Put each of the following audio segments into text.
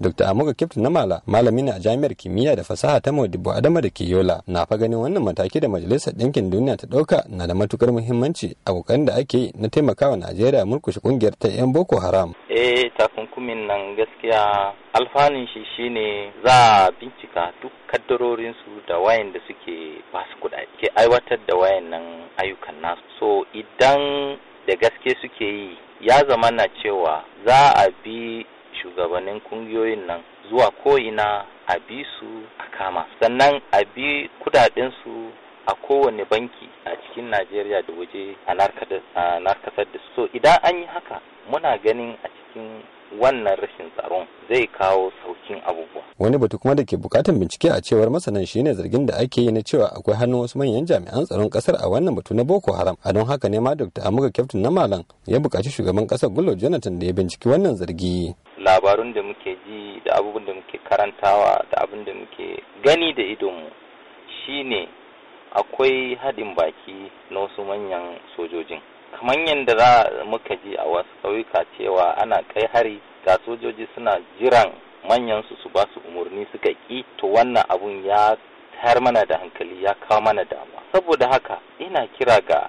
Dr. Amoga Kipto na Mala, malami ne a Jami'ar Kimiyya da Fasaha ta Modibo Adama da yola na fa ganin wannan mataki da Majalisar Ɗinkin Duniya ta ɗauka na da matukar muhimmanci a kokarin da ake yi na taimakawa Najeriya murkushe kungiyar ta 'yan Boko Haram. Eh takunkumin nan gaskiya alfanun shi shine za a bincika duk kaddarorinsu da wayan da suke basu kuɗaɗe ke aiwatar da wayan nan ayyukan nasu. So idan da gaske suke yi ya zama na cewa za a bi shugabannin kungiyoyin nan zuwa ko'ina a bi su a kama sannan a bi kudadensu a kowane banki a cikin najeriya da waje a narkasar da so idan an yi haka muna ganin a cikin wannan rashin tsaron zai kawo saukin abubuwa. Wani batu kuma da ke bukatar bincike a cewar masanan shine zargin da ake yi na cewa akwai hannun wasu manyan jami'an tsaron kasar a wannan batu na Boko Haram. A don haka ne ma Dr. Amuka Kyaftin na Malam ya bukaci shugaban kasar Gullo Jonathan da ya binciki wannan zargi. labarun da muke ji da abubuwan da muke karantawa da abin da muke gani da idonmu shine akwai haɗin baki na wasu manyan sojojin kamar yadda za muka ji a wasu ƙauyuka cewa ana kai hari ga sojoji suna jiran manyan su su ba su umarni suka ƙi to wannan abun ya tayar mana da hankali ya kawo mana damuwa saboda haka ina kira ga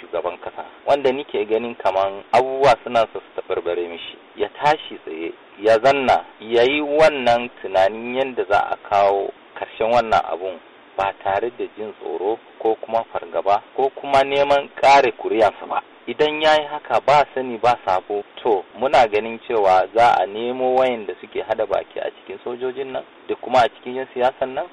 shugaban kasa wanda nike ganin kamar abubuwa suna su tabarbare mishi ya tashi tsaye ya zanna ya yi wannan tunanin yadda za a kawo karshen wannan abun ba tare da jin tsoro ko kuma fargaba ko kuma neman ƙare kuriyarsa ba idan ya yi haka ba sani ba sabo to muna ganin cewa za a nemo wayanda suke hada baki a cikin sojojin nan da kuma a cikin yan siyasan nan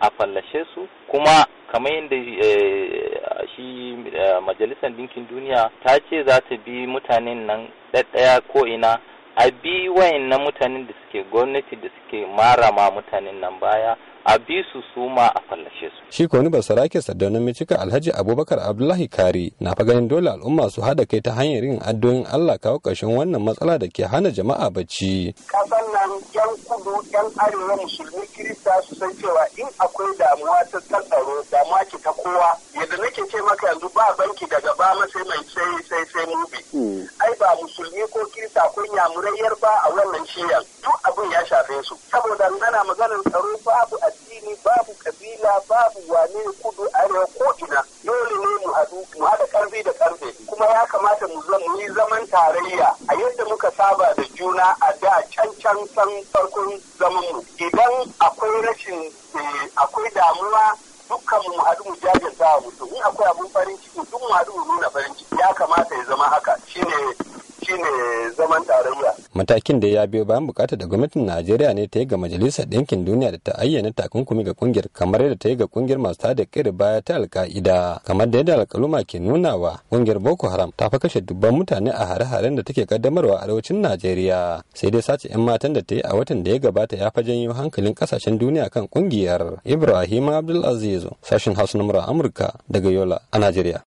a fallashe su kuma kamar yadda eh, shi eh, majalisar dinkin duniya ta ce za ta bi mutanen nan ɗaya ko ina a bi na mutanen da suke gwamnati da suke marama mutanen nan baya a bi su su ma a fallashe su. Shi ko wani sarake saddaunin Alhaji Abubakar Abdullahi Kari na fa ganin dole al'umma su haɗa kai ta hanyar yin addu'o'in Allah kawo ƙarshen wannan matsala da ke hana jama'a bacci. Kasan nan yan kudu yan arewa musulmi kirista su san cewa in akwai damuwa ta tsaro damuwa ki ta kowa yadda nake ce maka yanzu ba banki daga ba ma sai mai sai sai sai mubi. Hmm. Ai ba musulmi ko kirista ko nyamurai ba a wannan shiyan. Duk abin ya shafe su saboda ana maganar tsaro babu addini babu kabila babu wane kudu arewa ko ina dole ne mu haɗu mu haɗa karfi da karfe kuma ya kamata mu mu yi zaman tarayya a yadda muka saba da juna a da can can san farkon zaman mu idan akwai rashin eh, akwai damuwa dukkan mu haɗu mu jajanta wa mutum in akwai abin farin ciki duk mu haɗu mu nuna farin ciki ya kamata ya zama haka shine shine zaman tarayya. Matakin da ya biyo bayan bukatar da gwamnatin Najeriya ne ta yi ga Majalisar Ɗinkin Duniya da ta ayyana takunkumi ga kungiyar kamar yadda ta yi ga kungiyar masu tada da baya ta alka'ida kamar da yadda alkaluma ke nunawa kungiyar Boko Haram ta fi kashe dubban mutane a hare-haren da take kaddamarwa arewacin Najeriya sai dai sace 'yan matan da ta yi a watan da ya gabata ya fa janyo hankalin kasashen duniya kan kungiyar Ibrahim Abdulaziz sashin Hausa na Amurka daga Yola a Najeriya.